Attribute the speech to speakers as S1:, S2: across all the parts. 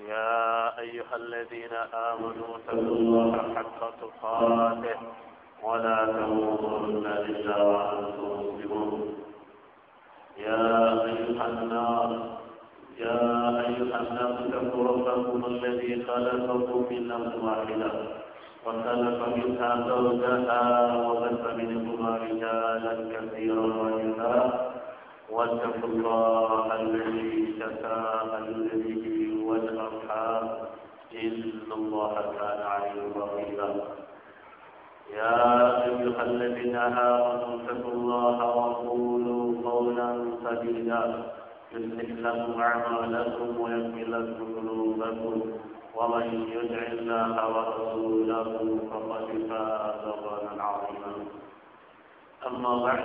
S1: يا أيها الذين آمنوا اتقوا الله حق تقاته ولا تموتن إلا وأنتم مسلمون يا أيها النار يا أيها الناس اتقوا ربكم الذي خلقكم من نفس واحدة وخلق منها زوجها وبث منهما رجالا كثيرا ونساء واتقوا الله الذي تساءل به والأرحام إن الله كان عليم رقيبا يا أيها الذين آمنوا اتقوا الله وقولوا قولا سديدا يصلح لكم أعمالكم ويغفر لكم ذنوبكم ومن يدع الله ورسوله فقد فاز فوزا عظيما أما بعد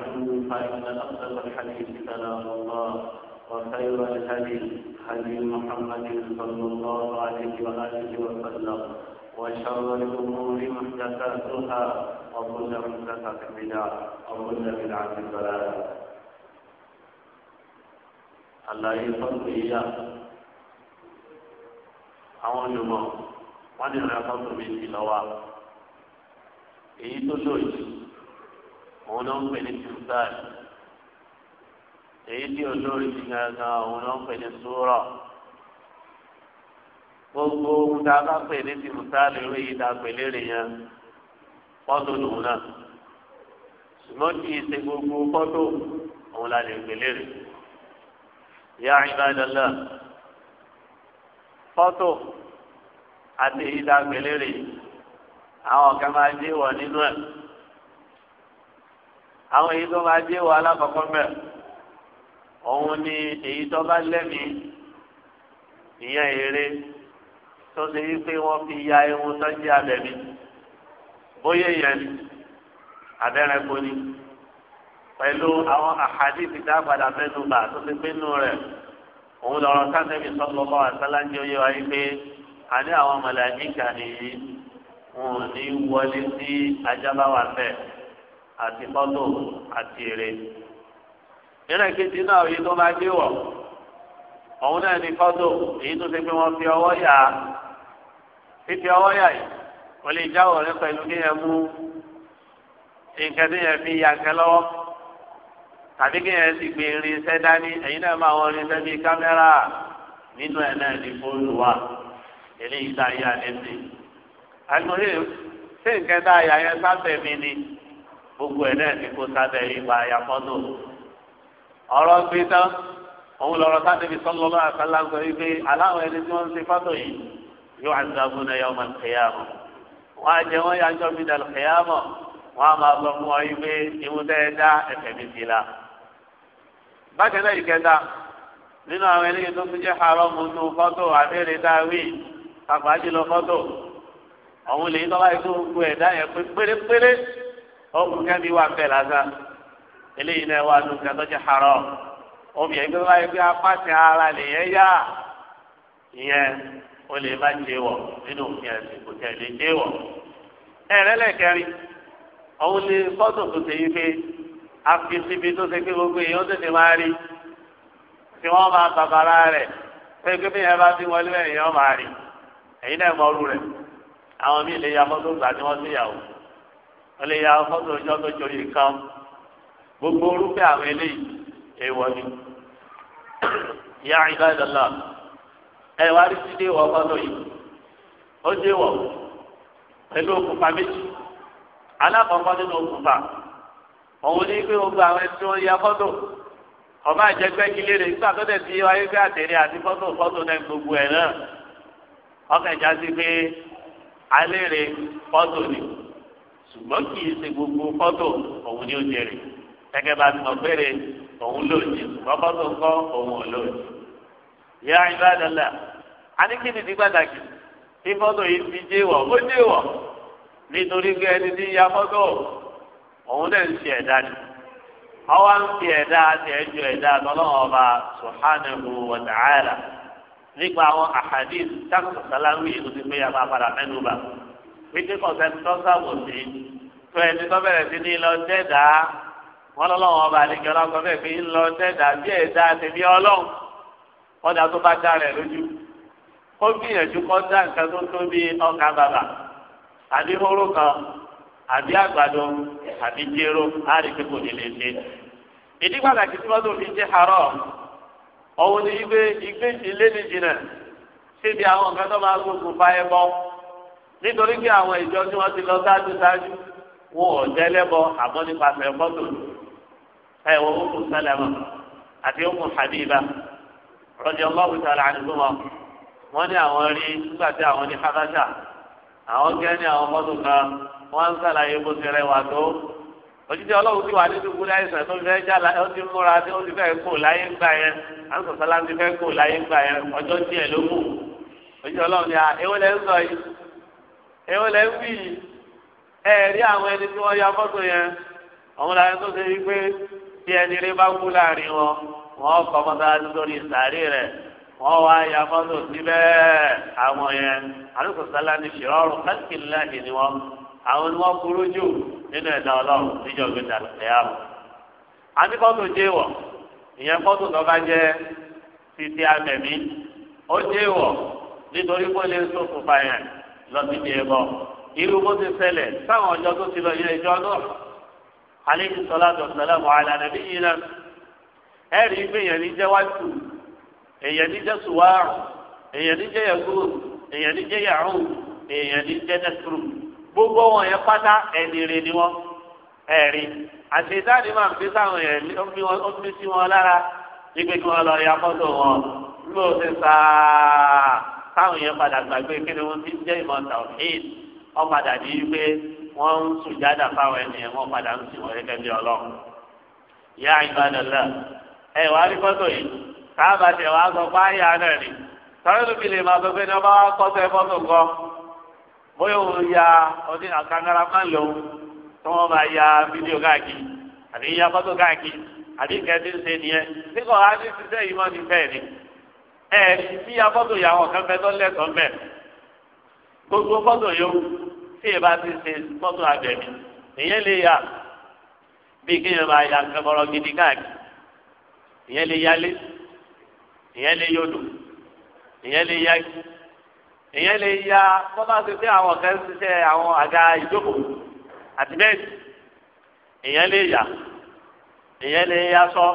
S1: فإن أصدق الحديث كلام الله وخير الهدي هدي محمد صلى الله عليه وآله وسلم وشر الأمور محدثاتها وكل محدثة بدعة وكل بدعة ضلالة الله يفضل إياه àwọn olùmọ̀ wọn ní ìrìn àkọsọ méjì lọ́wọ́ èyí tó lòdì òun ń pè ní èyí tí olórí ti gangan òun ló ń pè ní sùúrà gbogbo ohun tá a bá pè ní tìmùtá lérò yìí tá a pè lérè yẹn fọ́tò lòun náà ṣùgbọ́n kì í ṣe gbogbo fọ́tò òun la lè pè lérè ya ibadallah fọ́tò àti èyí tá pè lérè àwọn kan máa dé wọ nínú ẹ̀ àwọn èyí tó máa dé wọ alákọ̀ọ́kọ́ mẹ́rin òun ni èyí tó bá lẹ́mìí ìyẹn eré tó ṣe wípé wọ́n fi ya irun tó jẹ́ abẹ̀mí bóyá èèyàn ni abẹ́rẹ́kọ ni pẹ̀lú àwọn àhàdí ìdá padà mẹ́nu bà tó ti pinnu rẹ̀ òun lọ́rọ̀ sátẹ́bì sọ́kọ́ bá wà sáláńjì ó yẹ yí pé àní àwọn màláíkà nìyí wọn ò ní wọlé sí ajábáwá bẹ́ẹ̀ àti fọ́tò àti èrè ìrìn kejì náà yìí tó máa déwọ̀ òun náà ní fọ́tò èyí tó ṣe pé wọ́n fi ọwọ́ yà á fífi ọwọ́ yà yìí kò lè jáwọ́ rẹ pẹ̀lú kí yẹn mú nǹkan tí yẹn fi yàgẹ́ lọ́wọ́ tàbí kí yẹn sì gbé irinṣẹ́ dání ẹ̀yin náà máa wọ irinṣẹ́ bíi kámẹ́rà nínú ẹ̀ náà ní fóònù wa eléyìí tá yà lẹ́sìn. àgbọ̀n yìí ṣé nǹkan tá a yà yẹn sábẹ̀ mi ni gbogbo ẹ̀ náà ti kó sábẹ̀ ipa ayà fọ́tò ọ̀rọ̀ gbé tán òun lọ́rọ̀ sátẹ́bí sọ́lọ́ bá àkàlà ń sọ wípé aláwọ̀ ẹni tí wọ́n ń ṣe fátò yìí yóò àdàbò náà yọ ọmọ kẹyàmọ̀ wọ́n á jẹ wọ́n yá jọ mi dàlù kẹyàmọ̀ wọ́n á máa sọ fún ọ wípé ìmúdẹ́ dá ẹ̀fẹ̀ mi sí la. bákan náà ìkẹta nínú àwọn eléyìí tó tún jẹ́ haramu nù fọ́tò àbẹ́rẹ́ dáwì pàpà jùlọ fọ́tò òun lè tọ́lá ikú gbogbo yẹn pé pérépéré ó kú kẹ́mi wà bẹ́ẹ̀ lásán eléyìí náà wà lóun kan tó jẹ́ haram omi ẹgbẹ́ báyìí pé apáṣẹ ara lèyẹn yá ìyẹn o lè má jẹ wọ nínú òfin ẹ̀sìn kò tẹ̀ lè jẹ wọ. ẹ̀rẹ́lẹ̀ kẹrin òun ni fọ́tò tó ṣe yí pé a fi síbi tó ṣe pé gbogbo èèyàn tètè máa rí tí wọ́n máa bàbára rẹ̀ pé kí bíyẹn bá ti wọlé èèyàn máa rí èyí náà mọ ọrú rẹ̀ àwọn míì lè ya fọ́tò gbà tí wọ́n ṣèyàwó wọ́n lè ya fọ́tò ọjọ́ tó jọ yìí kan gbogbo orúkẹ àwọn eléyìí èèwọ̀ ni ya ibadallah ẹ wá rí sídé wọ ọgbọdọ yìí ó dé wọ pẹ̀lú òkúpa méjì alákọ̀ọ́kọ́ nínú òkúpa òun ní pé gbogbo àwọn ẹni tí wọ́n ya fọ́tò ọba àjẹgbẹ́ ilé rẹ̀ nígbà tó tẹ̀sí wáyé pé àtẹ̀rẹ̀ àti fọ́tò fọ́tò náà gbogbo ẹ̀ náà ọkàn ìjà sí pé alẹ́ rẹ̀ fọ́tò ni ṣùgbọ́n kì í ṣe gbogbo fọ́tò òun ni ó jẹ gẹ́gẹ́ bá ti mọ̀ péré òun lòdì rọ́bọ́ tó ń kọ́ òun ò lòdì. ìyá ìbádọ́là a ní kí ni ti pàtàkì tí fọ́tò yìí ti dé wọ̀ ó dé wọ̀ nítorí pé ẹni tí ya fọ́tò òun náà ń ṣe ẹ̀dá ni ọwọ́ ń fi ẹ̀dá àti ẹ̀jọ̀ ẹ̀dá lọ́lọ́wọ́ ọba subhanahu wa nípa àwọn àhàdín táàkùn sáláwí ìlú ti pé yàrá padà mẹ́nuba pété kọ̀ọ̀sẹ̀ tó sábò sí tó ẹni tó bẹ̀rẹ̀ sí ní lọ dẹ́dàá wọn lọ́lọ́wọ́n ọba àlejò ọlọ́gbọ́n bẹ́ẹ̀ fi ń lọ sẹ́dá bí ẹ̀dá àti bí ọlọ́run kọ́dà tó bá dá rẹ̀ lójú ó gbìyànjú kọ́ dá nǹkan tó tó bí ọkà bàbà àbí hóró kan àbí àgbàdo àbí jéró á rí pé kò ní lè ṣe. ìdí pàtàkì tí wọ́n tó fi jẹ́ àárọ̀ ọ̀hún ni igbe igbe ilé ní jìnnà síbi àwọn nǹkan tó máa gbógun fa ẹbọ nítorí pé àwọn ìjọ tí wọ́n ti lọ sáájú sáájú wọn ò tẹ́lẹ̀ bọ àbọ̀ nípasẹ̀ fọ́tò ẹ wọ ọmọ sálẹmọ àti ọmọ habiba O ọlọ́run tààrà àdúgbò wọn ní àwọn rí nígbà tí àwọn ní habasha àwọn gẹ́ àwọn mọ́tò kan wọ́n ń sàlàyé bó ti rẹwà tó òjijì ọlọ́run ti wà ní dùkú láyé sàn tó fẹ́ jà ó ti múra ó ti fẹ́ kó láyé gbà yẹn ti fẹ́ kó láyé gbà yẹn ọjọ́ díẹ̀ ló mú òjijì ni à lẹ́ ń sọ yìí lẹ́ ya mọ́tò yẹn tí ẹni rí bá kú láàrin wọn wọn kọ mọ́sálásí lórí sàárè rẹ̀ wọn wá ya fọ́tò síbẹ̀ àwọn yẹn àlùkò sálá ní ṣìrọ́rùn kákìláàdì ni wọn àwọn ni wọn burú jù nínú ẹ̀dá ọlọ́run níjọba ìdàgbẹ́ àmọ́. àní fọ́tò jẹ́ wọ̀ ìyẹn fọ́tò tó bá jẹ́ títí amẹ̀mí ó jẹ́ wọ̀ nítorí kó lè sókùnfà yẹn lọ sí ibi ẹ̀bọ irú bó ti ṣẹlẹ̀ sáwọn ọjọ́ tó ti lọ yẹ ìjọ náà aleyhi salatu wasalamu ala nabi yina ẹ̀rí pé èèyàn ní jẹ́ wájú èèyàn ní jẹ́ suwaru èèyàn ní jẹ́ yaguru èèyàn ní jẹ́ yahu èèyàn ní jẹ́ nasiru gbogbo wọn yẹn pátá ẹnìrè ni wọn ẹ̀rí àṣetáni máa ń fi sáwọn èèyàn ó fi sí wọn lára ipe kí wọn lọ ya fọ́tò wọn ló ti sáà táwọn yẹn padà gbàgbé kí ni wọn ti ń ìmọ̀ tàwọn èèyàn wọn ní í pé wọ́n ń sùn jáde fáwọn ẹni ẹ̀ wọ́n padà ń sìn wọ́n gẹ́gẹ́ bí ọlọ́run. ìyá ìbádọ́lá ẹ wàá rí fọ́tò yìí káàbà tẹ̀ wàá sọ pé àyà náà rí sọ́yìn ló lè máa sọ pé ní ọba kọ́sẹ̀ fọ́tò kọ́ bóyá òun ya ọdún àkàngara máa ń lò ó tí wọ́n bá ya fídíò káàkiri àti ya fọ́tò káàkiri àti kẹ́tí ń ṣe nìyẹn nígbà wàá ní sísẹ́ yìí mọ́ ní bẹ́ẹ̀ ni ẹ̀ fi ya fọ́tò yà wọ̀ kẹ́fẹ́ tó lẹ́tọ̀ọ́ bẹ́ẹ̀ gbogbo fọ́tò yòówù tí ì bá ti ṣe mọ́tò abẹ̀mí ìyẹn lè yà bí kéèyàn máa ya kẹmọrọ gidi káàkiri ìyẹn lè yálé ìyẹn lè yọdọ ìyẹn lè yá ìyẹn lè ya bọ́lá ti fi àwọn kan ṣiṣẹ́ àwọn àga ìjókòó àti bẹ́ẹ̀ ìyẹn lè yà ìyẹn lè ya sọ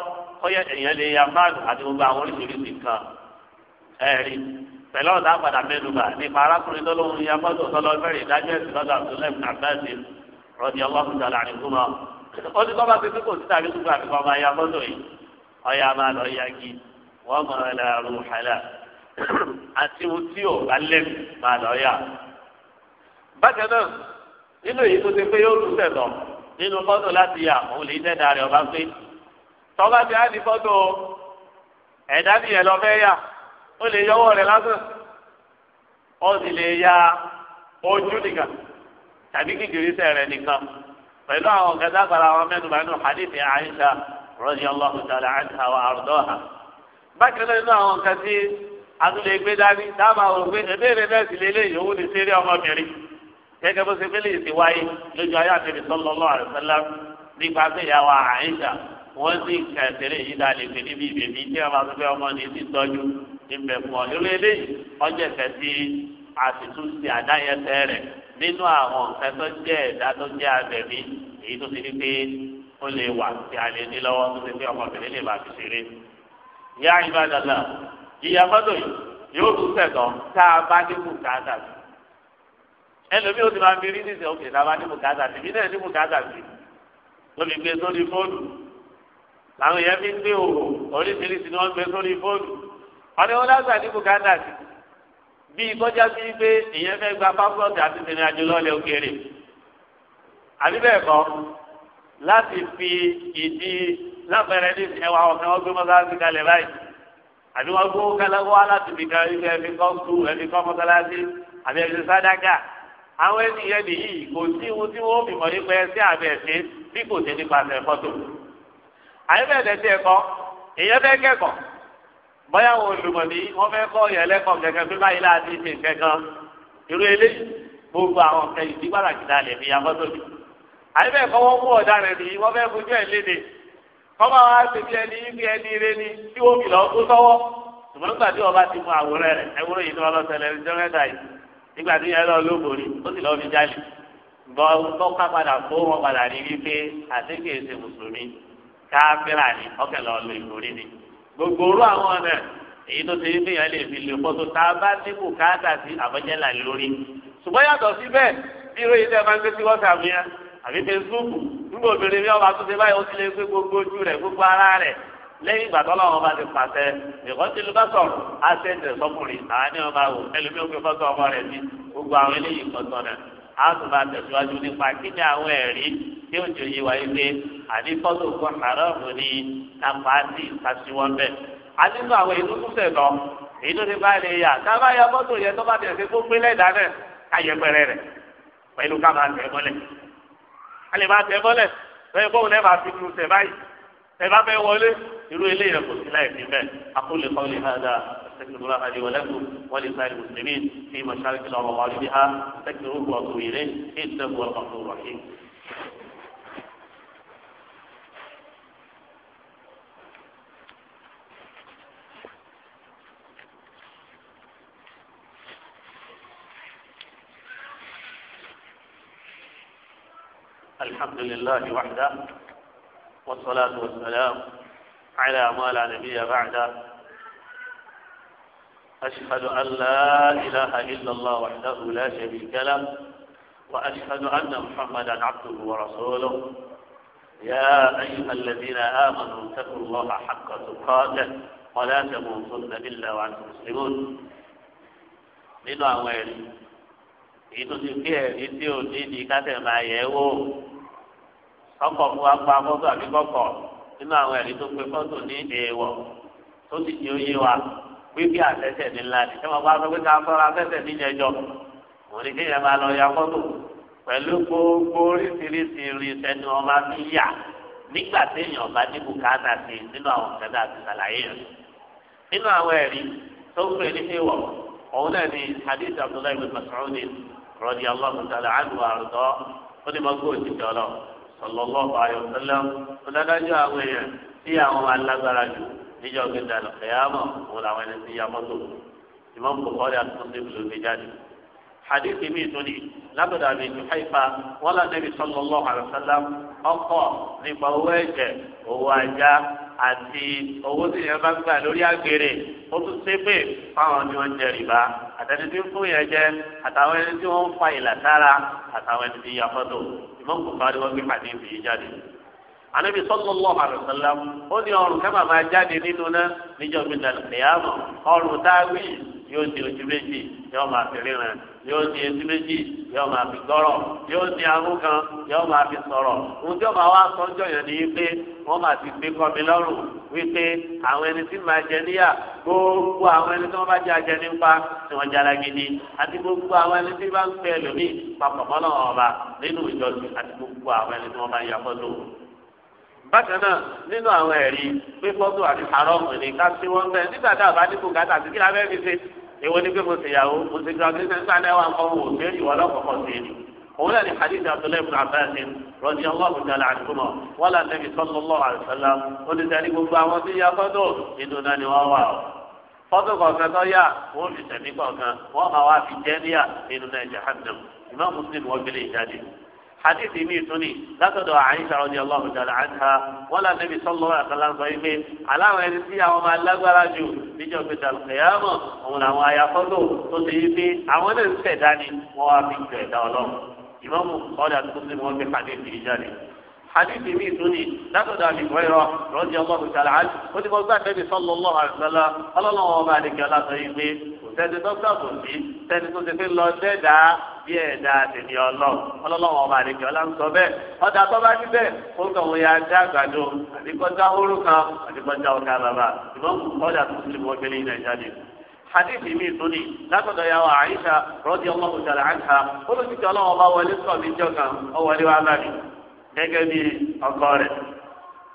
S1: ìyẹn lè ya fáànù àti gbogbo àwọn oríṣiríṣi kan ẹ̀rí pẹ̀lú ọ̀dà àpàdà mẹ́nuba nípa arákùnrin tó lóun ya mọ́tò tọ́lọ́ fẹ́rẹ̀ ìdájọ́ ẹ̀sìn lọ́dọ̀ àbdùlẹ̀ àbáṣe rọ́ọ̀dì ọlọ́run dàlà àríkú mọ́. ó ní kọ́ba pé kò sí tàbí kúkú àti kọ́ba ya mọ́tò yìí ọ̀ya máa lọ yagi wọ́n mọ̀ ẹ́ lọ rú hàlà àti ohun tí ò bá lẹ́nu máa lọ yà. bákan náà nínú èyí tó ti pé yóò rú sẹ̀tọ̀ nínú fọ́tò láti yà òun lè ó lè yọwọ́ rẹ̀ lásán ó sì lè ya ojú nìkan tàbí kíkìrísẹ̀ rẹ̀ nìkan pẹ̀lú àwọn kẹta fara wọn mẹ́nuba nínú hadithi Aisha radiyallahu ta'ala anha wa ardaha bákan náà nínú àwọn kẹtí àtúndé gbé dání dábàá wò pé ìbéèrè náà sì lé léyìí òun ní sẹ́rí ọmọbìnrin gẹ́gẹ́ bó ṣe fẹ́lẹ́ ti wáyé lójú ayé àtẹ̀bí sallallahu alaihi wasallam nípa péyàwó Aisha wọ́n sì kẹ̀sẹ̀rẹ̀ yìí dá lè níbi ìbèbí tí wọ́n bá tún fẹ́ ọmọ ní ti tọ́jú ìmẹ̀kọ irú eléyìí ọjọ́ ìfẹ́ tí a sì tún ṣe àdáyẹsẹ rẹ̀ nínú àwọn nǹkan tó jẹ́ ẹ̀dá tó jẹ́ abẹ̀mí èyí tó ti di pé ó lè wà tí a lè ní lọ́wọ́ tó ti pé ọmọbìnrin lè máa fi ṣeré. ìyá ìbádàlà ìyá mọ́tò yìí yóò tún tẹ̀tọ̀ tá a bá ní bùkátà sí. ẹlòmíì ó ti máa fi rí níṣẹ́ òkè tá a bá ní bùkátà sí ìbí náà ní bùkátà sí. lórí sórí fóònù làwọn èèyàn fi ń gbé òòrùn oríṣiríṣi ni wọ́n gbé sórí fóònù ọ̀nà wọn lásà ní bùkátà sí bíi kọjá sí pé èèyàn fẹ́ gba pápọ́ọ̀tì àti ìrìn àjò lọ́lẹ̀ òkèèrè àbí bẹ́ẹ̀ kọ́ láti fi ìdí lápẹẹrẹ ní ẹwà ọ̀fẹ́ wọn gbé mọ́sálásí kalẹ̀ báyìí àbí wọn gbó kálọ́wọ́ wá láti fi kan ife ẹbí kọ́ kú ẹbí kọ́ mọ́sálásí àbí ẹbí sádágà àwọn ènìyàn nìyí kò sí ohun tí wọn ò fi mọ̀ nípa ẹsẹ̀ àbẹ̀ ẹ̀sẹ̀ bí kò sí nípasẹ̀ fọ́tò àyẹ̀bẹ̀ẹ̀dẹ̀ tiẹ̀ kọ́ èèyàn kẹ́kọ̀ọ́ bóyá wo o wọ́n fẹ́ kọ́ ọ̀yàn ẹlẹ́kọ̀ọ́ kẹ̀kẹ́ fún báyìí láti ṣe kẹ̀kan irú eléyìí gbogbo àwọn ọ̀kẹ́ ìdí gbàràkìdá lè fi yàgbọ́ tóbi. àyè bẹ́ẹ̀ kọ́ wọ́n mú wọ́n fẹ́ fojú ẹ̀ léde kọ́mọ wa ṣe bí ẹni ibi ẹni ire ni tí wọ́n kìlọ̀ ọba ti mú àwòrán rẹ̀ ẹwúrò yìí ni wọ́n lọ gbogbo orú àwọn ọ̀nà èyí tó ṣe wípé yẹn lè fi lè pọ̀ tó tá a bá ní bùkátà sí àbọ̀jẹ́là lórí ṣùgbọ́n yàtọ̀ síbẹ̀ bí irú yìí tẹ́ máa ń gbé sí WhatsApp yẹn àbí Facebook nígbà obìnrin bí ọba tó ṣe báyìí ó ti lè gbé gbogbo ojú rẹ̀ gbogbo ara rẹ̀ lẹ́yìn ìgbà tọ́lọ́ wọn bá ti pàṣẹ nìkan tí ló bá sọ̀rọ̀ á ṣẹ̀ṣẹ̀ sọkùnrin àání ọba wò ẹlòmíì ó fi fọ́tò àwọn eléyìí kan tí ó jò yí wáyé pé àdìfọ́tò kọ́ àrọ́ọ̀mù ni kápá sí ìtàsíwọ́n bẹ́ẹ̀. àdìfọ́ àwọn èyí tó tún tẹ̀ lọ èyí tó ti bá ilé yà tábà ya fọ́tò yẹn tó bá tẹ̀ sí kó pínlẹ̀ dáná káyẹpẹrẹ rẹ̀ pẹ̀lú ká máa tẹ̀ mọ́lẹ̀. a lè máa tẹ̀ mọ́lẹ̀ lọ́yẹ̀ bóun náà máa fi tu tẹ̀ báyìí tẹ̀ bá fẹ́ wọlé irú ilé yẹn kò sí láì fi bẹ́ẹ̀ akólè kọ́lé hàdà استغفر الله لي ولكم ولسائر المسلمين في مشارق الارض ومغاربها استغفروه واتوبوا اليه انه هو الغفور الرحيم الحمد لله وحده والصلاة والسلام على ما لا نبي بعده أشهد أن لا إله إلا الله وحده لا شريك له وأشهد أن محمدا عبده ورسوله يا أيها الذين آمنوا اتقوا الله حق تقاته ولا تموتن إلا وأنتم مسلمون nínú àwọn إذا èyí إذا ti إذا ẹ̀rí tí ò ọkọ̀ mu wa gba fọ́tò àbí kọ́kọ́ nínú àwọn ẹ̀rí tó pe fọ́tò ní èèwọ̀ tó sì ní oyé wa wípé àtẹ́tẹ̀ ní ni ṣé wọn bá sọ pé ká sọ́ra àtẹ́tẹ̀ níjẹjọ òun ni kéèyàn máa lọ ya fọ́tò pẹ̀lú gbogbo oríṣiríṣi irinṣẹ́ ni wọ́n máa fi yà nígbà téèyàn bá ní bùkátà sí nínú àwọn kẹta àti sàlàyé rẹ̀ nínú àwọn ẹ̀rí tó ń ní èèwọ̀ òun náà ni hadith abdullahi bin mas'ud radiyallahu ta'ala anhu àrùtọ́ ó ní mọ́gbó sallallahu alaihi wasallam ọ̀dájú àwọn èèyàn tí àwọn alágbára jù níjọ́ gbẹ̀dà lọ́kẹ́yàmọ̀ òun làwọn ẹni tí ya mọ́tò imam bukhari àti muslim gbé jáde. حديث ميتني لابد من حيفا ولا النبي صلى الله عليه وسلم أقوى لبواجه وواجه àti owó tí yẹn bá gbà lórí àgbèrè ó tún ṣe pé fáwọn tí wọn jẹ rìbá àtẹni yẹn jẹ àtàwọn ẹni tí wọn ń fa ìlà àtàwọn ẹni tí yà fọtò Imam Bukhari wọ́n gbé pàdé ìfìyí jáde. Ànábi sallallahu alaihi wasallam ó ní ọrùn kẹ́mà máa jáde nínú náà níjọ́ gbẹ̀dà ìyáàmù ọrùn táwí yóò di ojú méjì yóò máa fi ríran yóò di etí méjì yóò máa fi gbọ́rọ̀ yóò di ahọ́n kan yóò máa fi sọ̀rọ̀ ohun tí ó máa yẹn ni pé wọ́n máa ti gbé kọ́ mi wípé àwọn ẹni tí máa jẹ níyà gbogbo àwọn ẹni tí wọn bá jẹ ajẹ nípa tí wọn jẹ alágídí àti gbogbo àwọn ẹni tí bá ń pẹ lómi papọ̀ mọ́nà ọba nínú ìjọsìn àti gbogbo àwọn ẹni tí wọn bá yà fọ́tò. bákan náà nínú àwọn ẹ̀rí pé fọ́tò àti àrọ́ọ̀mù ni ká sí wọn bẹ́ẹ̀ nígbà tá a bá dínkù gàtà àti kí la fẹ́ fi ṣe èwo ni pé mo ṣèyàwó mo ṣe gbàgbé sẹ́ńtà náà wà ń kọ́ wò هنا لحديث عبد الله بن عباس رضي الله تعالى عنهما ولا النبي صلى الله عليه وسلم ولذلك بعوض يا فضل إننا نواوا فضل قوكا يا هو في قوكا وما وافي جانيا إننا جهنم إمام مسلم وبلي جاني حديث ميتوني، لا تدع عائشة رضي الله تعالى عنها ولا النبي صلى الله عليه وسلم صحيح على ما يرسيها وما لا براجو níjọ́ pé ta lùkẹ́yàmọ̀ òun làwọn ayafọ́lò tó ti yí pé àwọn ìmáàmù ọ̀dà tó ti wọ́n fi hadithi yìí jáde hadithi mi tún ni látọ̀dọ̀ àbí wẹ́rọ rọ́jì ọlọ́run tàlà á ó ti mọ gbà tẹ́bi sọ́lọ́ ọlọ́run àgbàlá ọlọ́run ọba àdìgẹ́ aláṣọ yìí pé kò sẹ́ni tó gbàgbọ́ sí sẹ́ni tó ti fi lọ dẹ́dàá bí ẹ̀dá tèmi ọlọ́run ọlọ́run ọba àdìgẹ́ ọlọ́run bẹ́ẹ̀ ọ̀dà tó bá ti bẹ́ẹ̀ ó ń tọ̀wọ́ ya dá àgbàdo àdìgbọ́já hóró àdìgbọ́já ọ̀gá bàbá ìmọ̀ حديث ميتوني لقد يا عائشة رضي الله تعالى عنها قلت الله الله ولسه من جوكا أو ولي وعمامي gẹ́gẹ́ bí ọkọ rẹ̀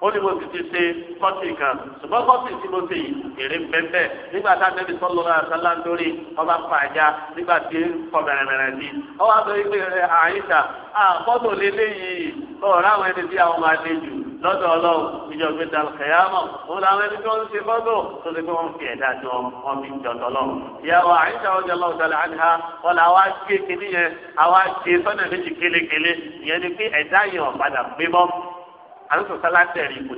S1: ó ní mo ti ti ṣe kọ́tì kan ṣùgbọ́n a tẹ́bi sọ́lọ́ náà sálá lórí ọba fàájà nígbà tí ń kọ bẹ̀rẹ̀bẹ̀rẹ̀ sí i ọwọ́ àgbẹ̀ lọ́dọ̀ ọlọ́run ìjọ gbé dal kẹyàmọ̀ ó làwọn ẹni tó ń ṣe fọ́tò tó ṣe pé wọ́n fi ẹ̀dá jọ wọn fi jọ̀dọ̀ lọ. ìyàwó àyíṣà ọjọ́ lọ́wọ́ sọ̀rọ̀ àdìhà wọn là wá gé kínní yẹn àwa ṣe sọ́nà méjì kélékélé ìyẹn ni pé ẹ̀dá yẹn ọ̀padà gbé bọ́. àlùsọ̀ sálátẹ̀rì kò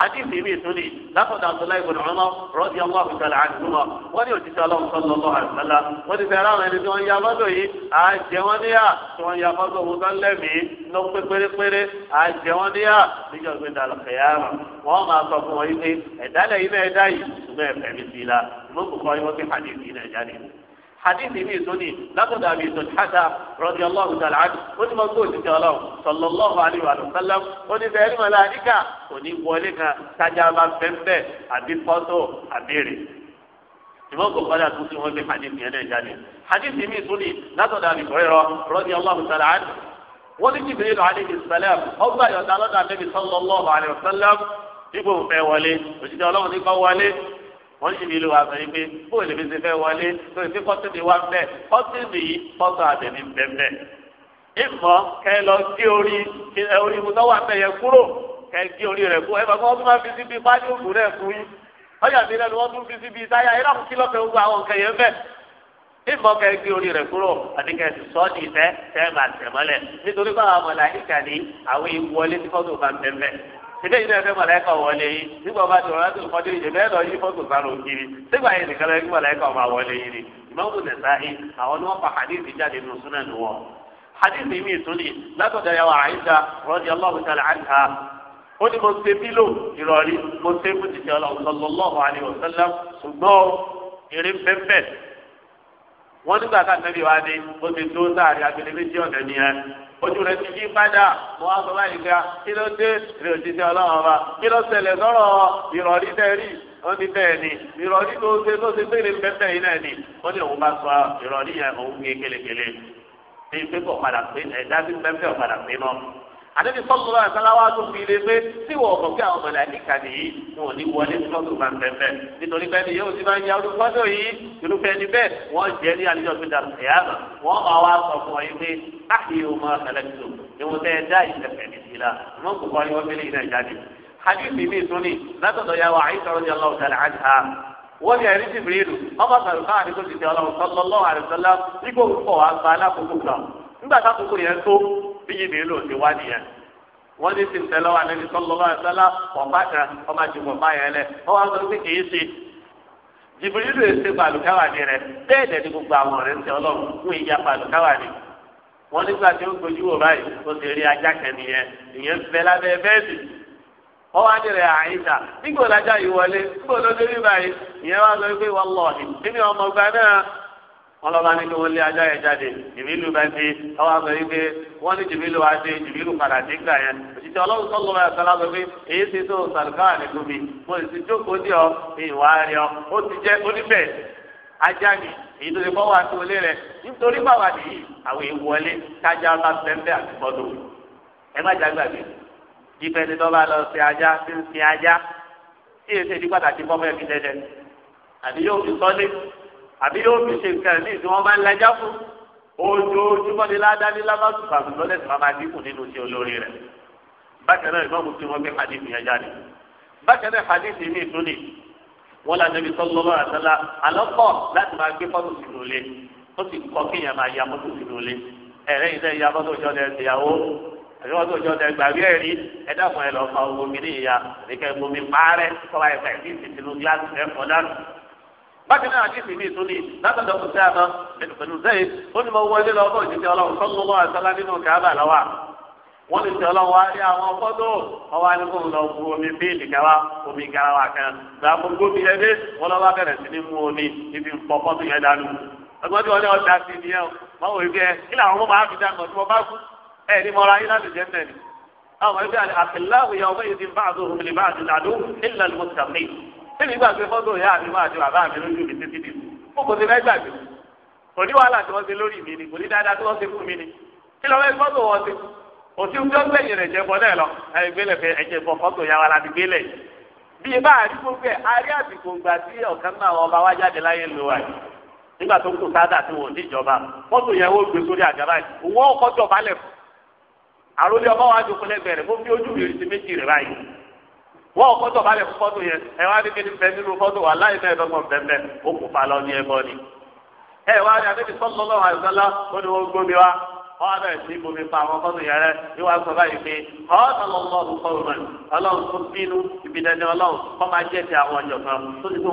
S1: حديث يبي سني لقد عبد الله بن عمر رضي الله تعالى عنهما ولي وتسالهم صلى الله عليه وسلم ولي سلام ان تون يا بدوي اجوانيا تون يا بدو مدلمي نو بيري بيري اجوانيا نيجا بين القيامه وما صفوا يدي ادال يبي اداي ما فهمت لا مو بخاري وفي حديث هنا جانب hadithi mi sóni látọ̀dọ̀ àbí ìtọ́jú hàtà rọ̀dí ọlọ́run tàlà àdì ó ti máa gbóòtù ti ọlọ́run sọlọ́lọ́hu alayhi wa sallam ó ní sẹ́yìn mọ́lá àdìkà òní wọlé kan tájà bá fẹ́ńfẹ́ àbí fọ́tò àbèrè ìmọ̀ kò kọ́lá tó ti wọ́n fi hadithi yẹn náà jáde hadithi mi sóni látọ̀dọ̀ àbí ìtọ́jú rọ̀dí ọlọ́run tàlà àdì wọ́n ní jibril alayhi salam ọgbà yọ̀dá lọ́dọ̀ àbẹ́bí sọlọ́lọ́hu alayhi wa sallam dípò fẹ́ wọlé òṣìṣẹ́ ọlọ́run ní kọ́ wọlé wọ́n sì nílò wa sọ yìí pé bóyá lè fi ṣe fẹ́ wọlé tó ìfi kọ́tìnì wa bẹ́ẹ̀ kọ́tìnì yìí kọ́tọ̀ àtẹ̀mí bẹ́ẹ̀ ìmọ̀ kẹ lọ gé orí orí ibùdó wà bẹ́ẹ̀ yẹn kúrò kẹ gé orí rẹ̀ kú ẹ bá wọ́n tún máa fi síbi pálí òògùn rẹ̀ kú yín ọjà mi lẹ́nu wọ́n tún fi síbi táyà ẹ lákùn kí lọ́kẹ́ gbogbo àwọn nǹkan yẹn bẹ́ẹ̀ ìmọ̀ kẹ gé orí rẹ̀ kúrò àti kẹ sọ́ ní ìfẹ́ tẹ́ máa tẹ̀ mọ́lẹ̀ nítorí báwa mọ̀lá ilé yìí lẹ́fẹ̀ẹ́ mọ̀lẹ́kà wọlé yìí nígbà bá tó kọ́ dé ìdè bẹ́ẹ̀ lọ fọ́tò sáró kiri nígbà yẹn nìkan lẹ́yìn mọ̀lẹ́kà ọba wọlé yìí ni ìmọ̀tò nẹ̀sà yìí àwọn ni wọ́n fa hadithi jáde nù súnà nù wọ́n. hadithi mi ìtúni látọ̀dọ̀ yà wà àyíṣà rọ́dí ọlọ́run àyíṣà ó ní mo ṣe bílò ìrọ̀rí mo ṣe fún wọ́n nígbà tá nẹ́bí wa dé ó ti tó sáàrí agbèlè méjì ọ̀nà nìyẹn ojú rẹ ti yí padà mo wá sọ báyìí ká ah, kí ló dé ìrìn òjíṣẹ́ ọlọ́run ọba kí ló ṣẹlẹ̀ sọ̀rọ̀ ìrọ̀rí tẹ́rì ó ní bẹ́ẹ̀ ni ìrọ̀rí tó ṣe tó ṣe péré pẹ́pẹ́ yìí náà ni ó ní òun bá sọ ìrọ̀rí yẹn òun gbé kélékélé ní ìpépọ̀ padà pé ẹ̀dá sí pẹ́pẹ́ ọ̀padà pé náà àdébí sọ́kùn náà sáláwá tó fi lé pé tí wọ́n kọ̀ kí àwọn ọmọdé àdìkà nìyí wọn ò ní wọlé sọ́kùn máa ń bẹ̀rẹ̀ nítorí pé ẹni yóò ti máa ń ya ọdún fọ́dọ̀ yìí irúfẹ́ ẹni bẹ́ẹ̀ wọ́n jẹ́ ní àlejò tó dàrú ẹ̀yàmà wọ́n máa wá sọ fún ọ yìí pé láàyè o máa ṣẹlẹ̀ tó ìwọ̀n tẹ́ ẹ dá ìṣẹ̀fẹ̀ wọ́n kò kọ́ bìrìlù ọmọ sàrù káà ti tẹ ọlọ́run sọlọ́lọ́ àrùsọ́lá nígbà òkú ọ̀ àgbà alákòókò kan nígbà tákòókò yẹn tó bí jìbìrì lò ti wá nìyẹn wọ́n ní ti tẹ̀lé wa lẹ́ni tó lọ́wọ́ ẹ̀sẹ̀lá ọ̀pá kan ọmọ àjùmọ̀ bá yẹn lẹ̀ wọ́n wá sọ pé kì í ṣe jìbìrì lò ṣe balùkáwà ni rẹ̀ bẹ́ẹ̀ dẹ̀ ni gbogbo àwọn ọ̀rẹ́ ń tẹ ọlọ́run fún ìyá wọ́n nígbà tí ó gbojú wò báyìí ó ti rí ajá kan nìyẹn ìyẹn fẹ́ lábẹ́ bẹ́ẹ̀dì wọ́n wá ní nígbà lájà yìí wọlé nígbà wọn lọ bá ní kí wọn lé ajá yẹn jáde jìbìlù bá ti ọwọ́ àgbẹ yìí pé wọn ní jìbìlù wá dé jìbìlù padà dé gbà yẹn òṣìṣẹ́ Ọlọ́run sọlọ bá yàtọ̀ lábẹ pé èyí ti tó sàlùkáwà ní tóbi mo sì ti jókòó dí ọ ìwà rẹ ọ ó ti jẹ onífẹ ajá mi èyí tó ti bọ́ wá sí olé rẹ nítorí bàbá nìyí àwọn ìwọlé kájà bá pẹ́ńpẹ́ àti bọ́dọ̀ ẹ má jágbàgbé ìfẹ́ ti tọ́ bá lọ sí ajá sí ń sin ajá tí èsì ìdí pàtàkì àbí yóò fi ṣe nǹkan ní ìsìn wọn bá ń lajá fún ojoojúmọ́ ni ládání lábàtú tàbí lọ́lẹ̀ tí wọ́n máa dínkù nínú iṣẹ́ olórí rẹ̀ bákan náà ìmọ̀ mùsùlùmí wọn gbé hadith yẹn jáde bákan náà hadith mi tún ni wọn là níbi sọ́lọ́ lọ́wọ́ àtàlà àlọ́pọ̀ láti máa gbé fọ́tò sínú ilé ó sì kọ́ kéèyàn máa ya mọ́tò sínú ilé ẹ̀rẹ́ yìí náà ya mọ́tò ìjọ náà ṣèyàwó àbí mọ́tò ìjọ náà gbàgbé ẹ̀rí ẹ dákun ẹ lọ́ọ́ fa omi ní ìyá àbíkẹ́ omi pààrẹ́ kọ́ bákan náà àti ìsinmi ìtúni látọ̀dọ̀ kò sí àná ẹnìpẹ̀lú sẹ́yìn ó ní mo wọlé lọ bọ́ ìdíje ọlọ́run tó ń lọ́wọ́ àtàlà nínú kàábà lọ́wọ́ wọ́n lè tẹ̀lé wá rí àwọn fọ́tò ọwọ́ anìkó lọ bu omi bíìlì káwá omi garawa kan gba gbogbo mi yẹn dé wọ́n lọ́wọ́ bẹ̀rẹ̀ sí ní mú omi ibi nǹkan fọ́tò yẹn dánú. ẹgbẹ́ tí wọ́n ní ọjà sí ni ẹ o máa wò wípé tẹ́mi gbàgbé fọ́tò ìyá mi máa ti bàbá mi lójú mi títí dì mú kò sí fẹ́ gbàgbé kò ní wàhálà tí wọ́n ṣe lórí mi ni kò ní dáadáa tí wọ́n ṣe fún mi ni kí lọ́wọ́ ẹ fọ́tò wọn ṣe kò sí ojú ọgbẹ́ yẹn ẹ̀jẹ̀ bọ́ náà lọ ẹ̀jẹ̀ gbélé fẹ́ ẹ̀jẹ̀ bọ́ fọ́tò ìyá wa la ti gbélé bí ibà àdìgbò gbẹ àrí àsìkò gbà tí ọ̀kan náà ọba wa jáde láyé ló wà yìí nígbà tó kù sáadà tí wọn ò níjọba fọ́tò yẹn wọ́n gbé sórí àgàbà yìí òun ọkọ̀ jọba lẹ̀ fún àròlé wọ́n fọ́tò balẹ̀ fún fọ́tò yẹn ẹ wá ní kíni bẹ nínú fọ́tò wà láì náà ẹ̀dọ́gbọ̀n bẹ́ẹ̀ ó kò fa lọ ní ẹbọ ni. ẹ wá ní abẹ́bí sọ́tò lọ́wọ́ àgbàlá ó ní wọ́n gbómi wá wọ́n abẹ́ sí gbómi fa àwọn fọ́tò yẹn rẹ ní wàá sọ báyìí pé ọ̀ọ́dọ̀ lọ́wọ́ fọ́ọ̀mọ̀n ọlọ́run tó bínú ibi dẹni ọlọ́run kọ́ máa jẹ́ ti àwọn ọ̀jọ̀gbọ́n tó ti fi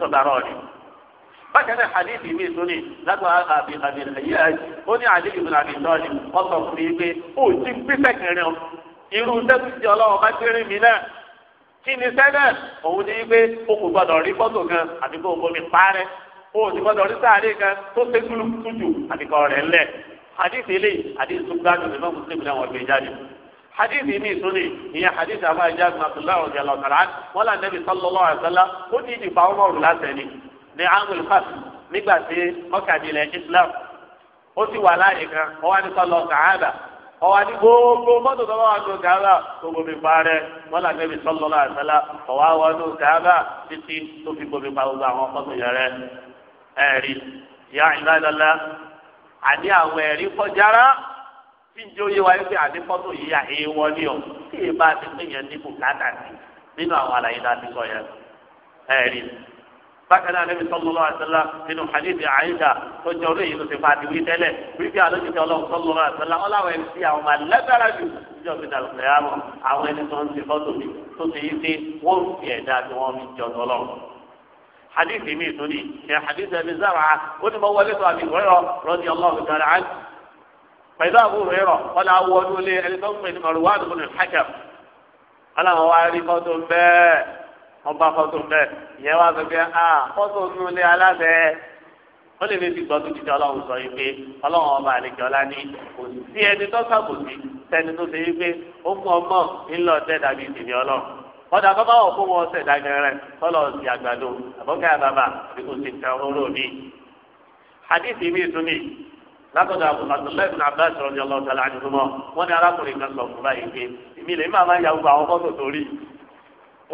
S1: wọ́n ya bákan náà hadithi mi sóni lágbára àbí àbí ẹ̀yẹ ẹ̀ ó ní àdéhùn ìbùnà àbí ìtọ́ni wọ́n sọ fún mi pé ó ti gbé fẹ́kẹ̀rẹ́ o irú sẹ́kùtì ọlọ́wọ́ bá kéré mi náà kí ni sẹ́dẹ̀ òun ní pé o kò gbọdọ̀ rí fọ́tò kan àbí kò bomi parẹ́ o ò sì gbọdọ̀ rí sáré kan tó ṣe kúlùkùtù àbí kọ́ rẹ̀ ńlẹ̀ hadithi eléyìí hadithi tó gbádùn ní mọ́mú síbi hadithi mi sunni ìyẹn hadithi àbájáde abdullahi ọ̀sẹ̀ lọ́sàrán wọ́n là nẹ́bi sallallahu alaihi wasallam ó ní ìdìbò àwọn ọ̀rùn lásẹ̀ ni ní angol fat nígbà tí mọ́kàdínlẹ̀ islam ó sì wà láàyè kan wọ́n wá ní sọ́lọ́ sàhábà wọ́n wá ní gbogbo mọ́tò tó bá wà nù sàhábà gbogbo mi parẹ́ wọ́n là nẹ́bi sọ́lọ́ àṣálà wọ́n wá wọ́n nù sàhábà títí tó fi gbogbo pa gbogbo àwọn mọ́tò yẹn rẹ ẹ̀rí ìyá ìbádọ́lá àní àwọn ẹ̀rí kọjára tí ń jó yé wa pé àní fọ́tò yìí àhẹ́wọ́ ni ọ̀ tí ì ti pín yẹn ní bùkátà sí nínú àwọn àlàyé náà ti sọ yẹn ẹ̀rí bákan náà Ànábì sallallahu alaihi wasallam nínú hadithi Àìṣà tó jẹ orí yìí ló ti fàtí wí tẹ́lẹ̀ wípé àlójútì Ọlọ́run sallallahu alaihi wasallam ọláwọ̀ ẹni tí àwọn máa lẹ́gbẹ̀rẹ̀ jù níjọ́ fi dàlù pẹ̀lú àwọn ẹni tó ń ti fọ́tò mi tó ti yí pé wọ́n fi ẹ̀dá tí wọ́n fi jọ tọ́lọ́run حديث ميتني يا حديث أبي زرعة ولما ولد أبي هريرة رضي الله تعالى عنه فإذا أبو هريرة قال أول لي أن تنقل الحكم أنا هو عارف بيه ọba fọ́tò bẹ́ẹ̀ ìyẹn wá sọ pé a fọ́tò nulẹ aláṣẹ ó lè fi gbọ́dọ̀ jíjẹ ọlọ́run sọ yìí pé ọlọ́run ọba àlejò ọlá ní kò sí ẹni tó sàbòsí sẹni tó ṣe wípé ó fún ọmọ ńlọ tẹ dàbí ìdìbò ọlọ́run ọ̀dà bàbá wọ̀ fún wọn ọ̀sẹ̀ dàgẹ̀rẹ̀ kọ́lọ̀ sí àgbàdo àbọ̀kẹ́ àbàbà àbí kò sì tẹ oró mi. hadithi mi tún ni látọ̀dọ̀ abdullahi bin abbas radiyallahu ta'ala anhuma wọn ni arákùnrin kan sọ fún báyìí pé èmi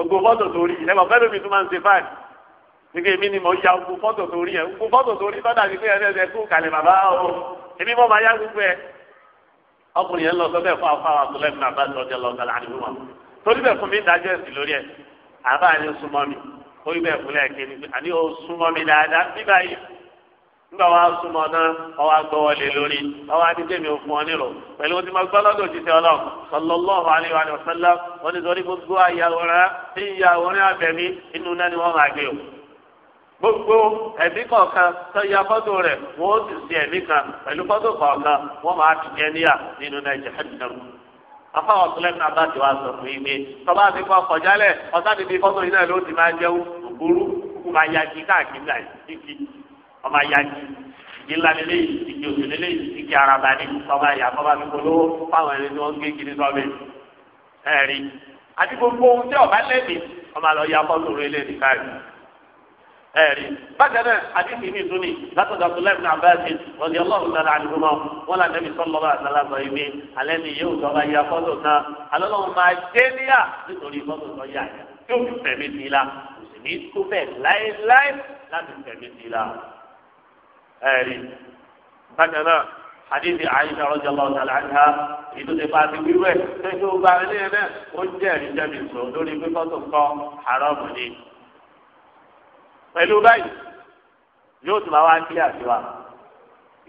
S1: gbogbo fọ́tò tó rí ẹ̀ bàbá lómi tó máa ń ṣe fáìn nígbà èmi ni mo ya gbogbo fọ́tò tó rí gbogbo fọ́tò tó tọ́jà ní pé ẹ̀ kú kalẹ̀ bàbá o èmi mọ́ máa yá gbogbo ẹ̀ ọkùnrin yẹn lọ sọ bẹ́ẹ̀ fún afáwà tó lẹ́nu àbá lọ́jọ́ lọ́jọ́ láàrin wọn torí bẹ́ẹ̀ fún mi dájọ́ ẹ̀sìn lórí ẹ̀ àbá ni súnmọ́ mi torí bẹ́ẹ̀ fún lẹ́ẹ̀kẹ́ àní nígbà wa súnmọ́ náà ọwọ́ agbọ́wọlé lórí ọwọ́ adídèmí òfin wọn nílò pẹ̀lú ohun tí mo gbọ́ lọ́dọ̀ òjijì ọlọ́run sallallahu alaihi wa sallam wọn ni sọrí gbogbo àyàwòrán tí ìyàwòrán abẹ̀mí inú náà ni wọ́n máa gbé o. gbogbo ẹ̀mí kọ̀ọ̀kan tó ya fọ́tò rẹ̀ wọ́n sì sí ẹ̀mí kan pẹ̀lú fọ́tò kọ̀ọ̀kan wọ́n máa fi níyà nínú náà jahannam ọba yagi ìdí ńlá lélẹ ìdí òsè lélẹ ìdí araba ní ọba yà ọba fi polówó fáwọn ẹni tí wọn gbé kiri sọmi ẹrí àti gbogbo ohun tí ọba lẹbi ọba lọ ya fọtò rẹ lẹbi káàkiri ẹ̀rí bákan náà àdìsí mi tún ní látọ̀dọ̀ abdullahi bin abdul wọ́n di ọlọ́run sára àdìgbòmọ́ wọn là nẹ́bi sọ́lọ́ bá àtàlà sọ ibi alẹ́ ni yóò sọ bá ya fọ́tò náà alọ́lọ́run máa dé níyà nítorí fọ́tò sọ yà ẹ̀rí bákan náà hadithi aisha radiyallahu ta'ala anha ìlú ti fa ti wíwẹ̀ tẹ́jú gba ilé náà ó jẹ́ ẹ̀rí jẹ́bi sọ lórí pípọ́ tó kọ́ haramu ni. pẹ̀lú báyìí yóò tún máa wá kí àtiwá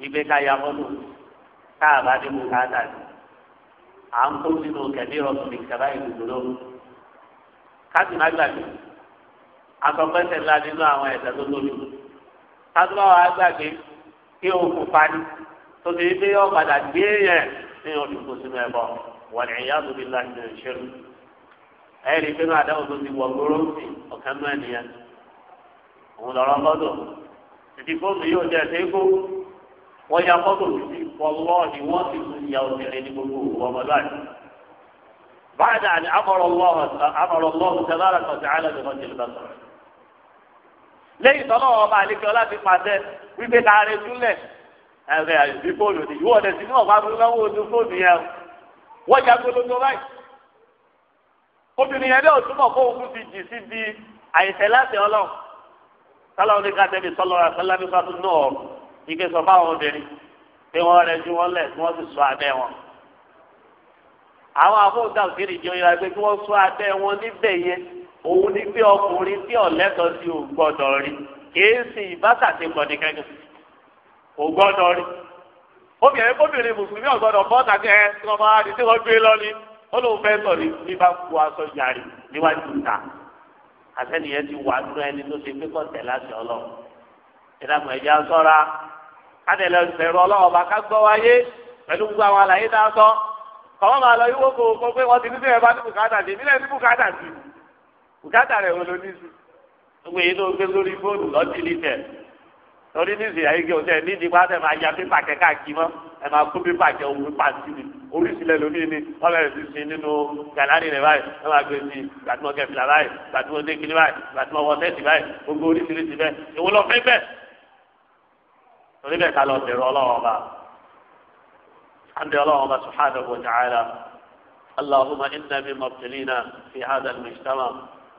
S1: ìgbé ká ya mọ́tò káàbá ní bùkátà ni à ń kó sínú kẹ̀mí rọ̀tún ní kẹ̀má ìdùnnú lóhùn. ńlá nínú àwọn ẹ̀sẹ̀ tó tóbi. kátólọ́ wa gbàgbé kí o kò fani tó ti gbé yọ padà gbé yẹn ní oṣù tó sinú ẹ bọ wà ní ìyá tóbi láti ní ìṣẹ́rù ẹ rí pé náà àdáwò tó ti wọ gbóró sí ọ̀kẹ́ mọ́ ẹnìyẹn òun lọ́rọ́ lọ́dọ̀ títí fóònù yóò jẹ́ ṣéégó wọ́n ya fọ́tò sí fọlọ́ ni wọ́n ti obìnrin ní gbogbo báyìí ni amọ̀rọ̀ ti lẹ́yìn tọ́lọ́ ọba àlejò láti pàṣẹ wípé ká rẹ dúlẹ̀ ẹ̀rẹ̀ àìsí fóònù ni ìwọ ọ̀dẹ̀ sí ní ọ̀bá fún lọ́wọ́ ojú fóònù yẹn o wọ́n ya gbólógbó báyìí obìnrin yẹn náà túmọ̀ kó òkú ti jì sí di àìsẹ̀ láti ọlọ́run sálọ́run ní kátẹ́bí sọlọ́ra sálábí fásitì náà ike sọ fáwọn obìnrin pé wọ́n rẹ ju wọn lẹ̀ kí wọ́n sì sọ abẹ́ wọn àwọn àfọ̀ǹdà òkèrè jẹun yàrá pé kí wọ́n sọ abẹ́ wọn níbẹ̀ yẹn òun ni pé ọkùnrin tí ọ̀lẹ́tọ̀ sí ò gbọ́dọ̀ rí kìí sì ìbátàtì pọ̀dé kẹ́kẹ́ ò gbọ́dọ̀ rí. obìnrin kóbìnrin mùsùlùmí ọ̀gbọ́dọ̀ bọ́ tàbí ẹ tí wọ́n máa di tí wọ́n gbé lọ ni ó lóun fẹ́ sọ ní bí bá kú aṣọ yàrá níwájú ìta. àtẹnìyẹn ti wà nínú ẹni tó ṣe pé kọ́ tẹ̀ láti ọlọ́run. ìdàgbọ̀n ẹ̀jẹ̀ sọ́ra kádẹ́lẹ̀ ìbẹ̀rù ọlọ́run bá ká gbọ́ wáyé pẹ̀lú gbogbo àwọn àlàyé tá a sọ. kọ́mọ́ máa lọ yíwó bùkátà rẹ̀ wọ́n ló ní sí gbogbo èyí tó gbé lórí fóònù lọ́tìlì tẹ̀ torí nísìnyí ayíkẹ́ ọ̀sẹ̀ nídìí wá sẹ́ máa ya pépà kẹ́kẹ́ àkí mọ́ ẹ máa kó pépà jẹ òun pépà sí ni oríṣiríṣi lómi ni wọ́n bẹ̀rẹ̀ sí sí nínú gàlárì rẹ̀ báyìí wọ́n máa gbé sí gbàtúmọ̀ kẹfìlà báyìí gbàtúmọ̀ dékìlì báyìí báyìí gbogbo oríṣiríṣi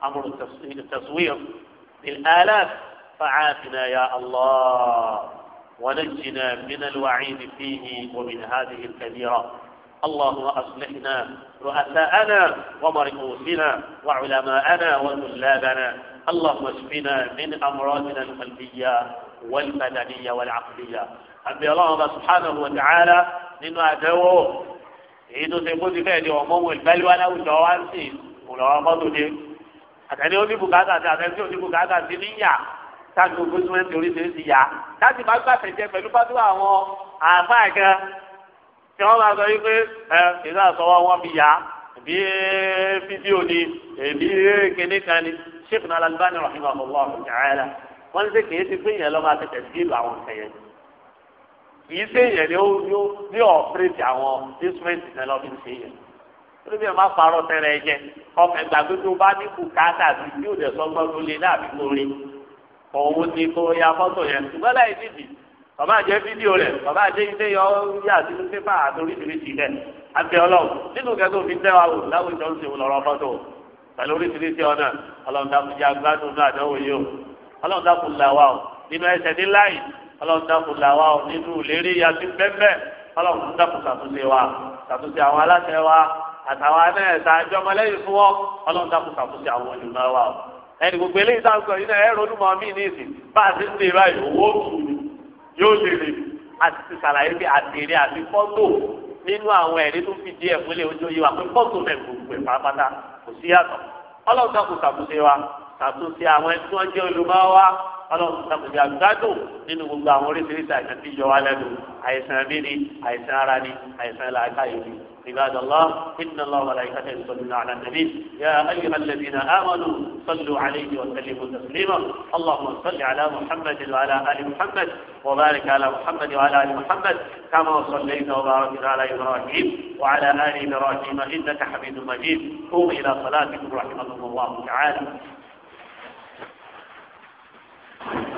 S1: أمر التصوير بالآلاف فعافنا يا الله ونجنا من الوعيد فيه ومن هذه الكبيرة اللهم أصلحنا رؤساءنا ومرؤوسنا وعلماءنا وطلابنا اللهم اشفنا من أمراضنا القلبية والبدنية والعقلية أبي الله سبحانه وتعالى لما أدوه إذا تقول بأن ومو البلوى لو جوانسي ولو أخذوا àtẹni oníbùkátà sí àtẹni oníbùkátà sí níyà táàbí gbogbo tí wọn ti orí ṣe é ti yá láti má gbà tẹjẹ pẹ̀lú pátó àwọn àáfàá kan tí wọn máa sọ yìí pé ẹ ìgbà sọwọ wọn fi yá bí fídíò ni èbí kéde kan ni sheikh nala albani rahimahullah ta'ala wọn ṣe kìí ti pín yẹn lọ máa tẹsẹ sí ìlú àwọn kẹyẹ kìí ṣe yẹn ni ó ní ọ̀pẹ̀rẹ̀tì àwọn instrument náà lọ́ọ́ fi ṣe yẹn níbi ẹ̀ má parọ́ tẹ̀rẹ̀ jẹ ọmọ ẹ̀gbà gbogbo bá ní bùkátà sí bí ò dẹ̀ sọ́gbọ́n ló lé náà fífò rí òun ni kó ya fọ́tò yẹn ṣùgbọ́n láì dìdì bàbá àjẹ fídíò rẹ̀ bàbá àjẹ ilé yọ yà sínú pépà àtòrí ìrìsì rẹ̀ àti ọlọ́run nínú kẹ́kẹ́ òfin tẹ́ wa wò láwùjọ ń sèwò lọ́rọ́ fọ́tò pẹ̀lú oríṣiríṣi ọ̀nà ọlọ́run dàkú ya gbádùn náà àdánwò yìí o ọlọ́run dàkú làwà o nínú ẹsẹ̀ ní láì ọlọ́run dàkú làwà o nínú ìlérí yàtí pẹ́pẹ́ ọlọ́run dàkú ṣàtúnṣe wa ṣàtúnṣe àwọn àtàwọn ẹ̀ẹ́dẹ́gbẹ̀ta àjọ ọmọlẹ́yìn fún wọn ọlọ́run dákun ṣàkóso àwọn olùmọ̀ wa o ẹni gbogbo eléyìí sáńsọ yìí náà ẹ ronú mọ mí ní ìsìn bá a ti ń tèrà ìwọ yóò lèrè àti ti sàlàyé bí àtèrè àti fọ́tò nínú àwọn ẹ̀rí tó fi díẹ̀ múlẹ̀ ojú yìí wà pé fọ́tò rẹ̀ gbogbo ẹ̀ pátápátá kò sí yàtọ̀ ọlọ́run sàkó sàkóso wa sàkóso àwọn ẹni tí wọ́n jẹ́ olùmọ́ wa ọlọ́run sàkóso àgbádùn nínú gbogbo àwọn oríṣiríṣi عباد الله إن الله وملائكته يصلون على النبي يا أيها الذين آمنوا صلوا عليه وسلموا تسليما اللهم صل على محمد وعلى آل محمد وبارك على محمد وعلى آل محمد كما صليت وباركت على إبراهيم وعلى آل إبراهيم إنك حميد مجيد قوم إلى صلاتكم رحمكم الله تعالى